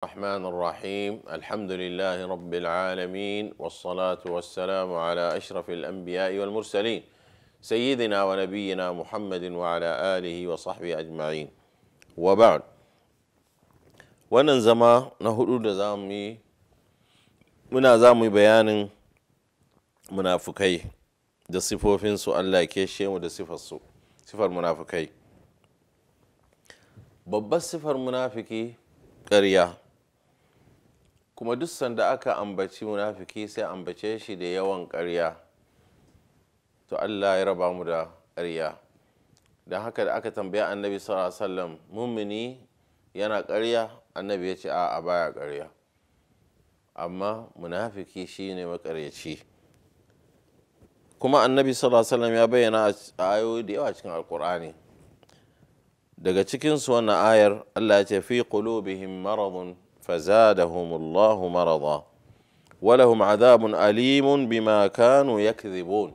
الرحمن الرحيم الحمد لله رب العالمين والصلاة والسلام على أشرف الأنبياء والمرسلين سيدنا ونبينا محمد وعلى آله وصحبه أجمعين وبعد وننزما نهدو نزامي منازامي بيان منافقي دا صفو فين سؤال لا كيشي ودا صفر صفر منافقي ببا صفر منافقي قرية kuma duk sanda aka ambaci munafiki sai ambace shi da yawan ƙarya to Allah ya raba mu da karya don haka da aka tambaya annabi sallallahu alaihi wasallam mummini yana karya annabi ya ce a'a baya ƙarya amma munafiki shine makaryaci kuma annabi sallallahu alaihi ya bayyana a ayoyi da yawa cikin alkur'ani daga cikinsu wannan ayar Allah ya ce fi qulubihim maradun فزادهم الله مرضا ولهم عذاب bi ma Kano يكذبون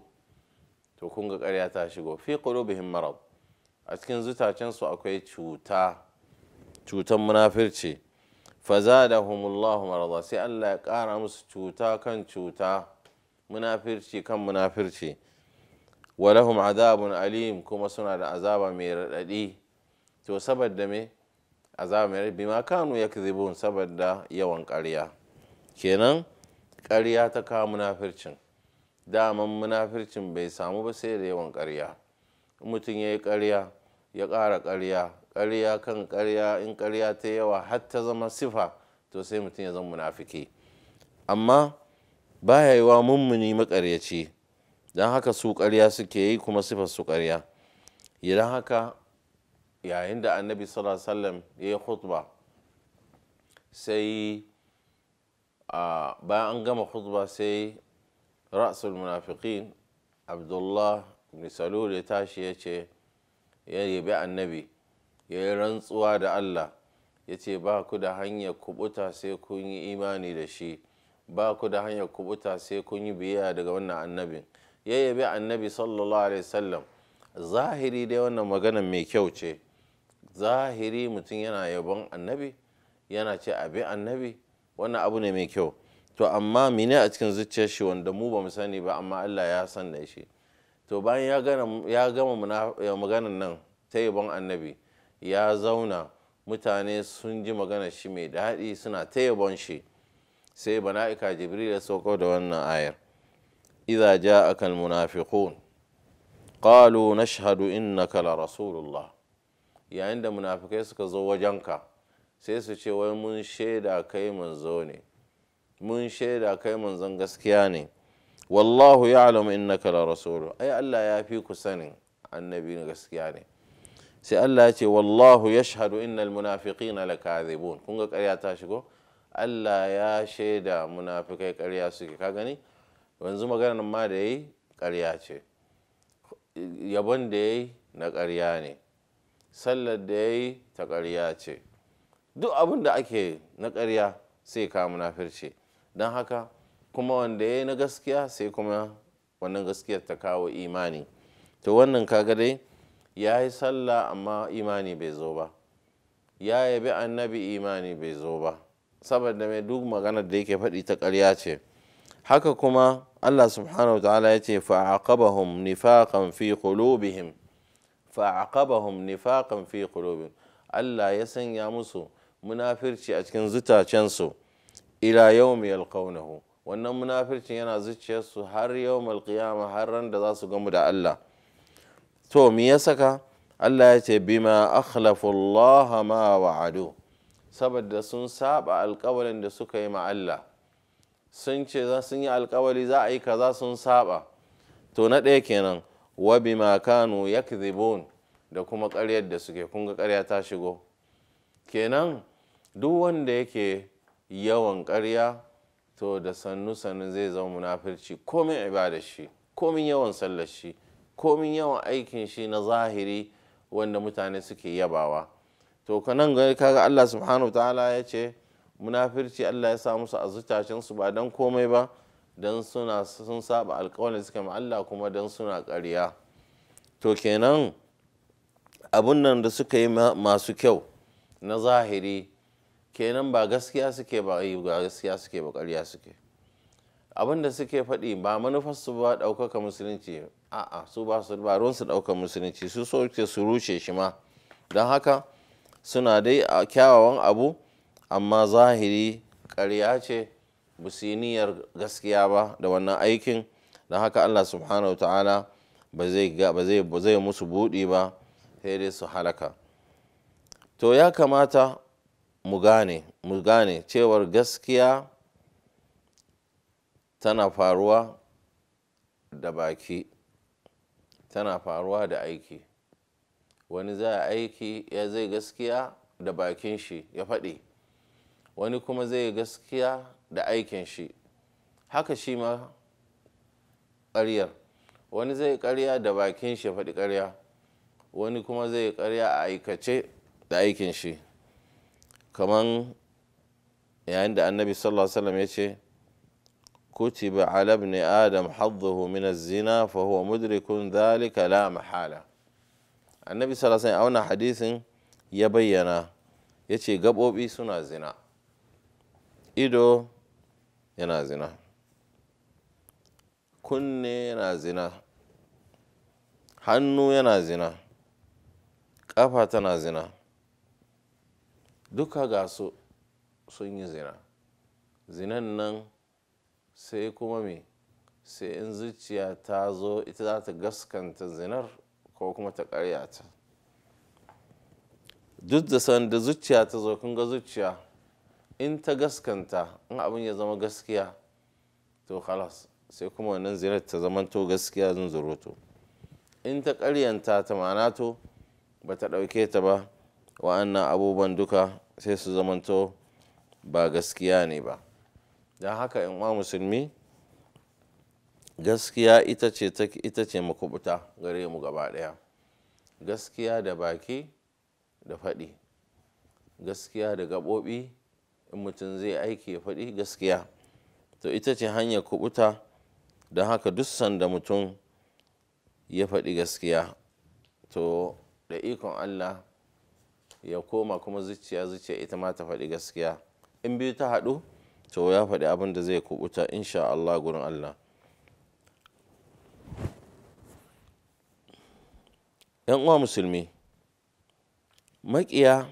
to kun ga ƙarya ta shigo fi qulubihim marad a cikin zutacensu akwai cuta cutan munafirci fazadahumullahu marada sai Allah ya ƙara musu cuta kan cuta munafirci kan munafirci walahum azabun alim kuma suna da azaba mai raɗaɗi to saboda me A azabar bima kanu yakzibun saboda yawan ƙarya kenan ƙarya ta kawo munafircin daman munafircin bai samu ba sai da yawan ƙarya mutum ya yi ƙarya ya ƙara ƙarya ƙarya kan ƙarya in karya ta yawa har ta zama sifa to sai mutum ya zama munafiki amma ya yi wa mummuni maƙaryaci don haka su ƙarya suke yi kuma sifar su ƙarya idan haka yayin da annabi sallallahu alaihi ya yi khutba sai bayan an gama khutba sai ra'sul munafiqin abdullah ibn salul ya tashi ya ce ya yabi annabi ya yi rantsuwa da allah ya ce ba ku da hanyar kubuta sai kun yi imani da shi ba ku da hanyar kubuta sai kun yi biyayya daga wannan annabin ya yabi annabi sallallahu alaihi wasallam zahiri dai wannan magana mai kyau ce zahiri mutum yana yabon annabi yana ce abin annabi wannan abu ne mai kyau to amma mine a cikin zuciyar shi wanda mu ba sani ba amma Allah ya san da shi to bayan ya gama maganan nan ta yabon annabi ya zauna mutane sun ji magana shi mai daɗi suna ta yabon shi sai bana'ika jibril ya sauko da wannan ayar idza ja'aka almunafiqun qalu nashhadu innaka la rasulullah yayin da munafikai suka zo wajenka sai su ce wai mun shaida kai manzo ne mun shaida kai manzon gaskiya ne wallahu ya'lamu innaka la rasulu ai Allah ya fi ku sanin annabi gaskiya ne sai Allah ya ce wallahu yashhadu innal munafiqina lakadhibun kun ga ƙarya ta shigo Allah ya shaida munafikai ƙarya suke ka gani yanzu maganar ma da yayi ƙarya ce yabon da yayi na karya ne sallar da ya yi ta ƙarya ce duk abin da ake na ƙarya sai ka munafirce don haka kuma wanda ya yi na gaskiya sai kuma wannan gaskiyar ta kawo imani to wannan kaga dai ya yi sallah amma imani bai zo ba ya yabi annabi imani bai zo ba saboda mai duk maganar da yake faɗi ta ƙarya ce haka kuma allah subhanahu wa ta'ala ya ce fa'aqabahum nifaqan fi qulubihim fa'aqabahum nifaqan fi qulubihim Allah ya sanya musu munafirci a cikin zutacensu ila yawmi yalqawnahu wannan munafircin yana zuciyarsu har yawmal qiyama har ran da za su gamu da Allah to me ya saka Allah ya ce bima akhlafu Allah ma wa'adu saboda sun saba alƙawarin da suka yi ma Allah sun ce sun yi alƙawari za a yi kaza sun saba to na ɗaya kenan wa bima kanu da kuma ƙaryar da suke kunga karya ƙarya ta shigo kenan duk wanda yake yawan ƙarya to da sannu sannu zai zama munafirci komin ibada shi komin yawan sallar shi komin yawan aikin shi na zahiri wanda mutane suke yabawa to kanan ga kaga Allah subhanahu ta'ala ya ce munafirci Allah ya sa musu a zuciyarsu ba dan komai ba don suna sun saba alkawarin suka ma Allah kuma don suna ƙarya to kenan abun nan da suka yi masu kyau na zahiri kenan ba gaskiya suke ba eh, ba gaskiya suke ba ƙarya suke abin da suke faɗi ba su ba ɗaukaka musulunci a'a su ba su ba su ɗauka musulunci su so su rushe shi ma don haka suna dai a kyawawan abu amma zahiri ƙarya ce ba su yi niyyar gaskiya ba da wannan aikin don haka allah subhanahu wa ta'ala ba zai musu buɗi ba sai dai su halaka to ya kamata mu gane mu gane cewar gaskiya tana faruwa da baki tana faruwa da aiki wani za a aiki ya zai gaskiya da bakin shi ya faɗi wani kuma zai yi gaskiya da aikin shi haka shi ma ƙaryar wani zai yi ƙarya da bakin shi faɗi karya wani kuma zai yi ƙarya a aikace da aikin shi kaman yayin da annabi sallallahu alaihi wasallam ya ce kutiba ala ibn adam hadduhu min zina fa huwa mudrikun dhalika la mahala annabi sallallahu alaihi wasallam wannan hadisin ya bayyana yace gabobi suna zina ido yana zina kunne yana zina hannu yana zina ƙafa tana zina duka ga su sun yi zina zinan nan sai kuma me sai in zuciya ta zo ita za ta gaskanta zinar ko kuma ta ƙaryata ta duk da sanda zuciya ta zo kun ga zuciya in ta gaskanta in abin ya zama gaskiya to halas sai kuma wannan zinar ta zamanto gaskiya zan zuroto in ta karyanta ta ma'ana to ba ta ɗauke ta ba wa'annan abubuwan duka sai su zamanto ba gaskiya ne ba don haka in ma musulmi gaskiya ita ce ita ce makubuta gare mu gaba ɗaya gaskiya da baki da faɗi gaskiya da gaɓoɓi in mutum zai aiki ya faɗi gaskiya to ita ce hanyar kubuta don haka duk sanda mutum ya faɗi gaskiya to da ikon allah ya koma kuma zuciya zuciya ita ma ta faɗi gaskiya in biyu ta haɗu to ya faɗi abin da zai kubuta insha allah gurin allah yan uwa musulmi maƙiya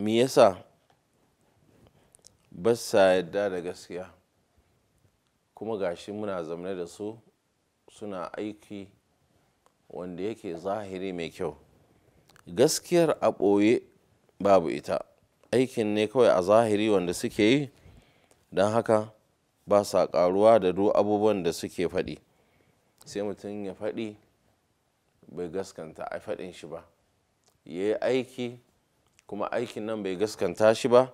me yasa ba sa yadda da gaskiya kuma gashi muna zamne da su suna aiki wanda yake zahiri mai kyau gaskiyar a ɓoye babu ita aikin ne kawai a zahiri wanda suke yi don haka ba sa karuwa da duk abubuwan da suke faɗi sai mutum ya faɗi bai gaskanta a faɗin shi ba ya yi aiki kuma aikin nan bai gaskanta shi ba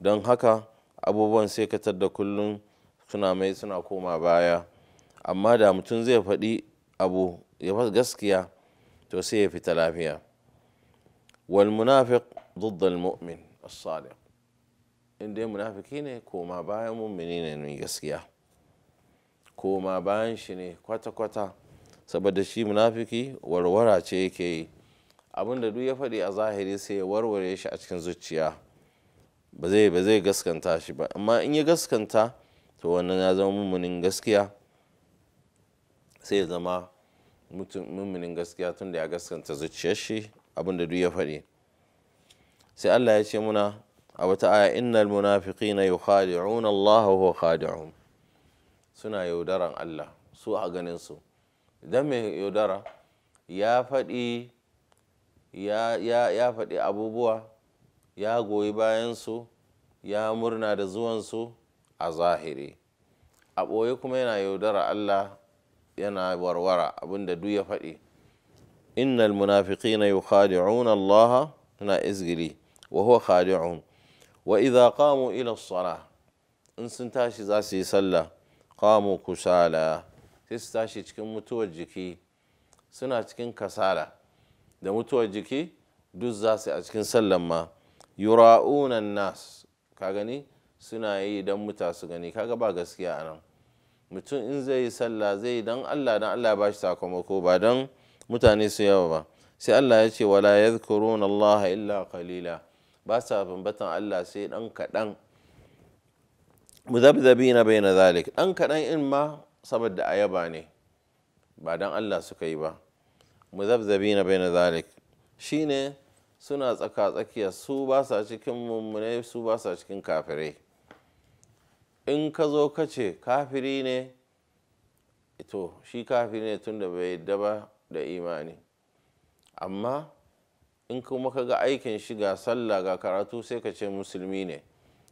don haka abubuwan sai ka da kullum suna mai suna koma baya amma da mutum zai faɗi abu ya fas gaskiya to sai ya fita lafiya wal munafiq ضد المؤمن الصادق in dai munafiki ne koma bayan mummini ne mai gaskiya koma bayan shi ne kwata-kwata saboda shi munafiki warwara ce yake yi abinda duk ya faɗi a zahiri sai ya warware shi a cikin zuciya ba zai ba zai gaskanta shi ba amma in ya gaskanta to wannan ya zama mummunin gaskiya sai ya zama mummunin gaskiya tun da ya gaskanta zuciyar shi abin da duk ya faɗi sai Allah ya ce muna a wata aya innal munafiqina yukhadi'una Allah wa khadi'uhum suna yaudaran Allah su a ganin su idan mai yaudara ya faɗi ya faɗi abubuwa ya goyi bayansu ya murna da zuwansu a zahiri a ɓoye kuma yana yaudara Allah yana warwara abinda duk ya faɗi innal munafiqina yukhadi'una Allah na izgili wa huwa khadi'un wa idza qamu ila as-salah in sun tashi za su yi sallah qamu kusala sai su tashi cikin mutuwar jiki suna cikin kasala da mutuwar jiki duk za su a cikin sallan ma yura'unan nas ka gani suna yi don muta su gani kaga ba gaskiya a nan mutum in zai yi sallah zai yi don allah don allah ba shi sakamako ba don mutane su yawa ba sai allah ya ce wala yadhkuruna allah illa qalila ba sa bambatan allah sai dan kaɗan bai na zalik dan kaɗan in ma saboda ayaba ne ba don allah suka yi ba bai na zalik shine suna tsaka-tsakiya su ba sa cikin mummune su ba sa cikin kafirai in ka zo ka ce kafiri ne to shi kafiri ne tun da bai yadda ba da imani amma in kuma ka ga aikin shi ga sallah ga karatu sai ka ce musulmi ne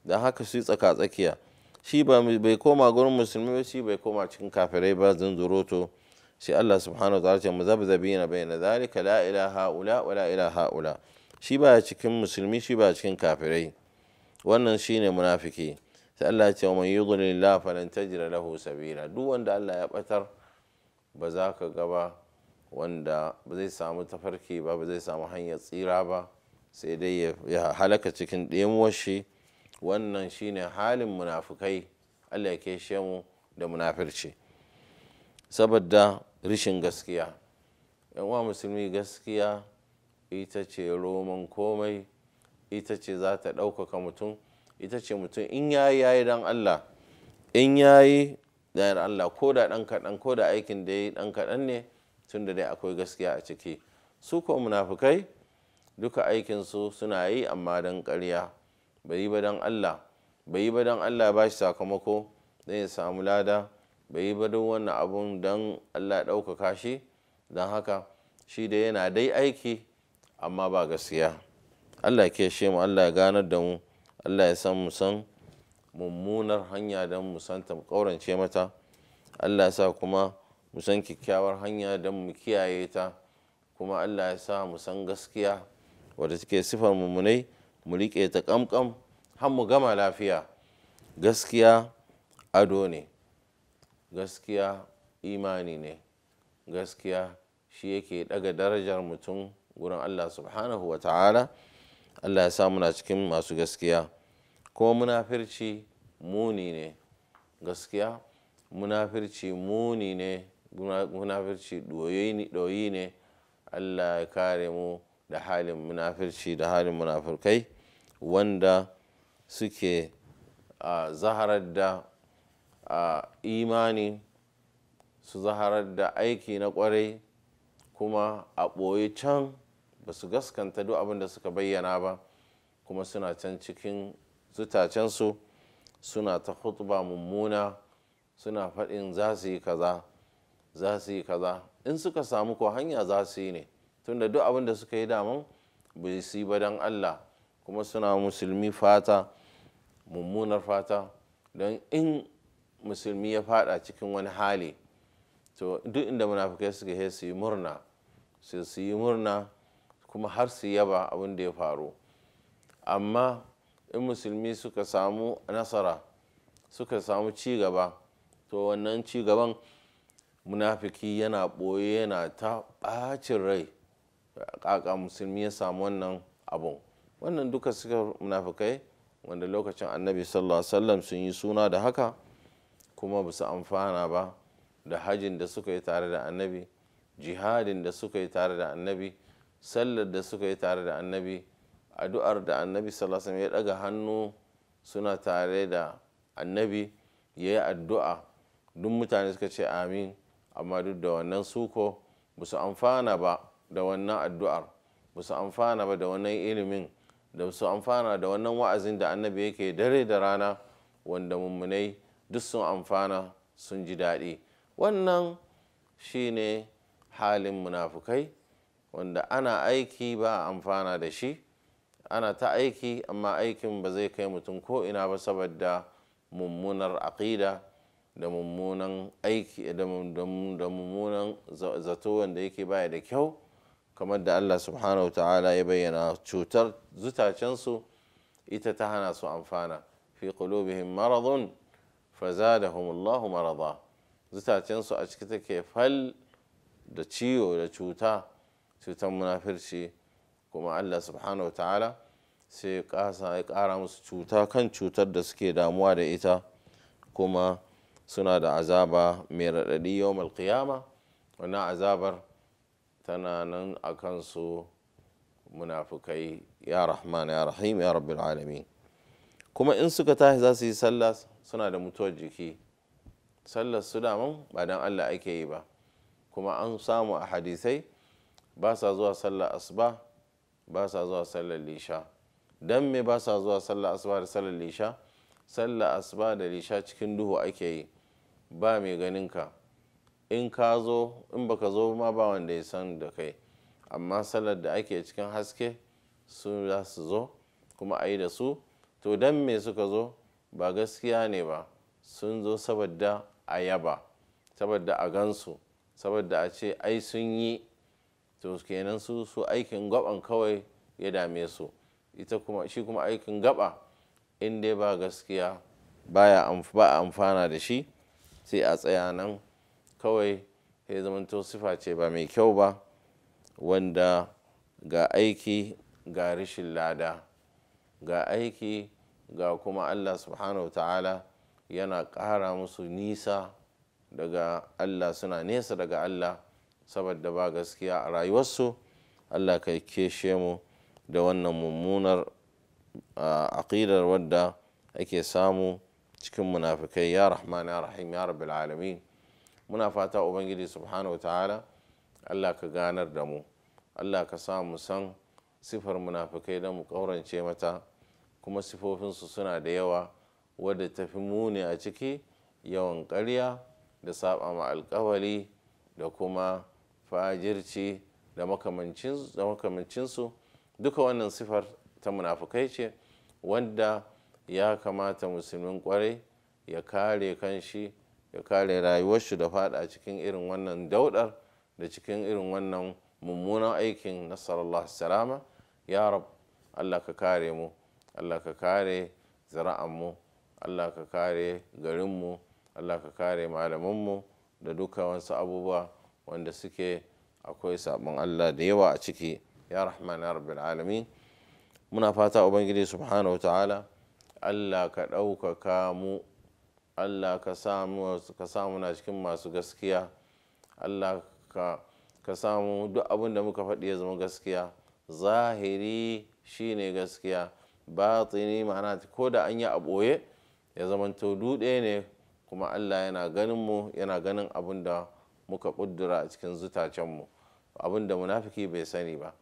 don haka su tsaka-tsakiya shi bai koma gurin musulmi shi bai koma cikin kafirai ba zunzuroto sai allah subhanahu wa ta'ala ce mu zabzabina bai na zalika la ilaha ula wa la ilaha ula shi ba cikin musulmi shi ba cikin kafirai wannan shine munafiki sai Allah ya ce wa man yudlilillah falan tajra lahu sabila duk wanda Allah ya batar ba za ka ga ba wanda ba zai samu tafarki ba ba zai samu hanyar tsira ba sai dai ya halaka cikin ɗemuwar shi wannan shine halin munafukai Allah ya mu da munafirci saboda rishin gaskiya yan uwa musulmi gaskiya ita ce roman komai ita ce za ta ɗaukaka mutum ita ce mutum in yayi yayi dan Allah in yayi dan Allah ko da ɗan kaɗan ko da aikin da ya yi ɗan kaɗan ne tun da dai akwai gaskiya a ciki su ko munafukai duka aikinsu suna yi amma dan ƙarya bai yi ba dan Allah bai yi ba dan Allah ba shi sakamako don ya samu lada bai yi ba don wannan abun dan Allah ɗaukaka shi don haka shi da yana dai aiki amma ba gaskiya allah ke shi mu allah ya ganar da mu allah ya san mu san mummunar hanya don mu san ƙaurance mata allah ya sa kuma mu san kyakkyawar hanya don mu kiyaye ta kuma allah ya sa mu san gaskiya wadda take sifar mummunai mu riƙe ta ƙamƙam har mu gama lafiya gaskiya ado ne gaskiya imani ne gaskiya shi yake ɗaga darajar mutum Wurin Allah subhanahu wa ta'ala Allah ya sa muna cikin masu gaskiya kuma munafirci muni ne gaskiya munafirci muni ne munafirci ɗoyi ne Allah ya kare mu da halin munafirci da halin munafurkai wanda suke zaharar da imani su zaharar da aiki na kwarai kuma a ɓoye can ba su gaskanta duk abin da suka bayyana ba kuma suna can cikin zutacensu suna ta hutuba mummuna suna faɗin za su yi kaza za su yi kaza in suka samu ko hanya za su yi ne tunda duk abin da suka yi daman bai su yi ba don allah kuma suna musulmi fata mummunar fata don in musulmi ya fada cikin wani hali to duk inda munafukai suka yi su yi murna su yi murna kuma har su yaba abin da ya faru amma in musulmi suka samu nasara suka samu cigaba to wannan cigaban gaban munafiki yana ɓoye yana ta ɓacin rai ƙaƙa musulmi ya samu wannan abun wannan duka suka munafikai wanda lokacin annabi sallallahu alaihi wasallam sun yi suna da haka kuma ba su amfana ba da hajin da suka yi tare da annabi jihadin da suka yi tare da annabi sallar da suka yi tare da annabi addu'ar da annabi sallallahu alaihi ya daga hannu suna tare da annabi ya yi addu'a duk mutane suka ce amin amma duk da wannan suko ba su amfana ba da wannan addu'ar ba su amfana ba da wannan ilimin da su amfana da wannan wa'azin da annabi yake dare da rana wanda mummunai duk sun amfana sun ji daɗi wannan shine halin munafukai wanda ana aiki ba amfana da shi ana ta aiki amma aikin ba zai kai mutum ko ina ba saboda mummunar aƙida da mummunan aiki da mummunan zato wanda yake baya da kyau kamar da Allah subhanahu ta'ala ya bayyana cutar zutacensu ita ta hana su amfana fi qulubihim maradun fazadahumullahu marada zutacensu a ciki take fal da ciwo da cuta cutar munafirci kuma allah subhanahu wa ta'ala sai ya ƙara musu cuta kan cutar da suke damuwa da ita kuma suna da azaba mai raɗaɗi yau malkiyama wannan azabar tana nan a kansu munafukai ya rahman ya rahim ya rabbil alamin kuma in suka tashi za su yi sallah suna da mutuwar jiki sallar su daman ba don allah ake yi ba kuma an samu a hadisai ba sa zuwa sallar asuba ba sa zuwa sallar lisha don me ba sa zuwa sallar asuba da sallar lisha sallar asuba da lisha cikin duhu ake yi ba mai ganin ka in ka zo in baka zo ma ba wanda ya san da kai amma sallar da ake cikin haske su za su zo kuma a yi da su to don me suka zo ba gaskiya ne ba sun zo saboda a yaba saboda a gansu saboda a ce ai sun yi to kenan su su aikin gaban kawai ya dame su ita kuma shi kuma aikin gaba in dai ba gaskiya baya ba amfana da shi sai a tsaya nan kawai ya zamanto sifa ce ba mai kyau ba wanda ga aiki ga rashin lada ga aiki ga kuma allah subhanahu ta'ala yana ƙara musu nisa daga allah suna nesa daga allah saboda ba gaskiya a rayuwarsu allah ka keshe mu da wannan mummunar aƙidar wadda ake samu cikin munafikai ya rahman ya rahim ya rabbil alamin muna fata ubangiji subhanahu ta'ala allah ka ganar da mu allah ka sa mu san sifar munafikai don mu ƙaurance mata kuma sifofinsu suna da yawa wadda tafi muni a ciki yawan ƙarya da saba ma alƙawali da kuma fajirci da makamancinsu duka wannan sifar ta munafukai ce wanda ya kamata musulmin kwarai ya kare kanshi ya kare rayuwarsu da fada cikin irin wannan daudar da cikin irin wannan mummunan aikin nasarallah salama ya rab allah ka kare mu allah ka kare mu allah ka kare garinmu allah ka kare malamanmu da duka wasu abubuwa wanda suke akwai sabon Allah da yawa a ciki ya rahman ya rabbil alami muna fata ubangiji subhanahu ta'ala Allah ka ɗaukaka mu Allah ka samu na cikin masu gaskiya Allah ka samu duk abin da muka faɗi ya zama gaskiya zahiri shine gaskiya batini ma'ana ko da an yi a ya ya zamanto duɗe ne kuma Allah yana ganin mu yana ganin abin da muka ƙuddura a cikin zutacenmu abin da munafiki bai sani ba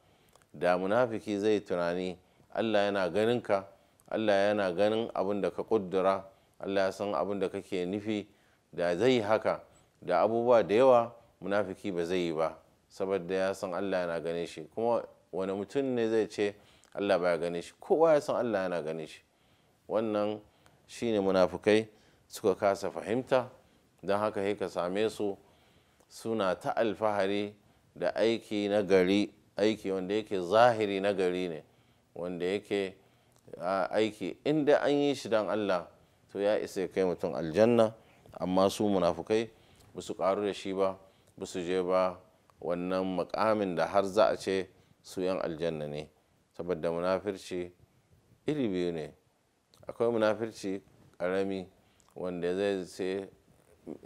da munafiki zai tunani allah yana ganin ka allah yana ganin abin da ka ƙuddura allah ya san abin da kake nufi da zai haka da abubuwa da yawa munafiki ba zai yi ba saboda ya san allah yana ganin shi kuma wani mutum ne zai ce allah ya ganin shi kowa ya san allah yana gane shi wannan shine munafukai suka kasa fahimta don haka ka same su suna ta alfahari da aiki na gari aiki wanda yake zahiri na gari ne wanda yake aiki inda an yi shi don allah to ya isa kai mutum aljanna amma su munafukai ba su karu da shi ba ba su je ba wannan makamin da har za a ce su yan aljanna ne saboda munafirci iri biyu ne akwai munafirci karami wanda zai sai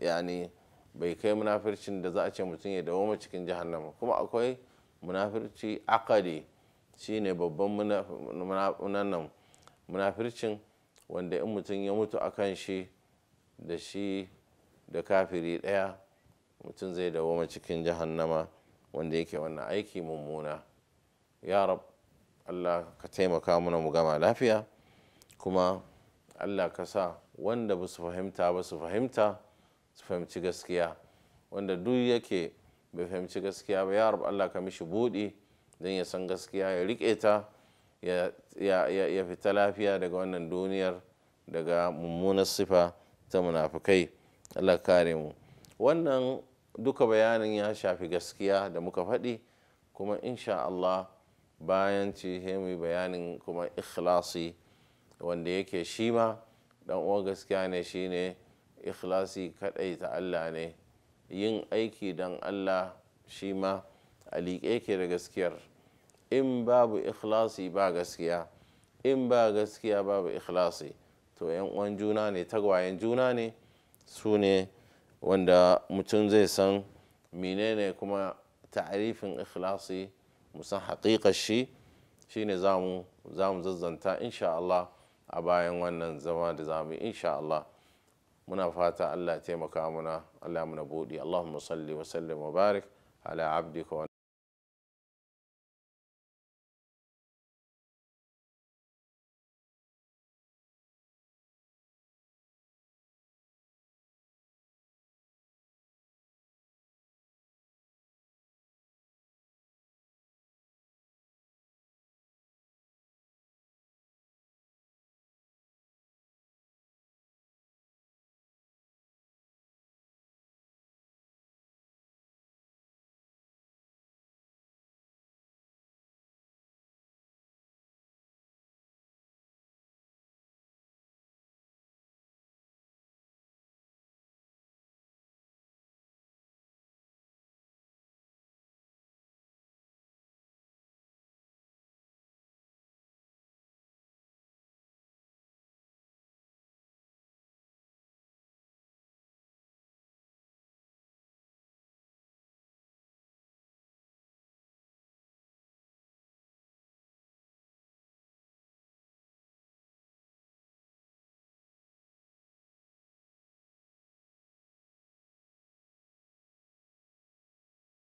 yani bai kai munafircin da za a ce mutum ya dawo cikin jahannama kuma akwai munafirci akadi shine babban munafircin wanda in mutum ya mutu a kan shi da shi da kafiri ɗaya mutum zai dawo cikin jahannama wanda yake wannan aiki mummuna ya rab allah ka taimaka mana mu gama lafiya kuma allah ka sa wanda ba su fahimta ba su fahimta fahimci gaskiya wanda duk yake bai fahimci gaskiya ba ya rabu Allah ka mishi buɗi don ya san gaskiya ya riƙe ta ya fita lafiya daga wannan duniyar daga mummunan sifa ta munafukai Allah kare mu wannan duka bayanin ya shafi gaskiya da muka faɗi kuma insha Allah bayan ci mai bayanin kuma ikhlasi wanda yake shi ma ɗan uwan gaskiya ne shine ikhlasi kadai ta Allah ne yin aiki don Allah shi ma a liƙe ke da gaskiyar in babu ikhlasi ba gaskiya in ba gaskiya babu ikhlasi to yan uwan juna ne tagwayen juna ne su ne wanda mutum zai san menene kuma ta'arifin ikhlasi musan haƙiƙar shi shi ne za mu zazzanta insha Allah a bayan wannan zama da zamu insha Allah muna fata allah taimaka muna allah muna buɗe allahumma salli wa sallim wa barik ala abdika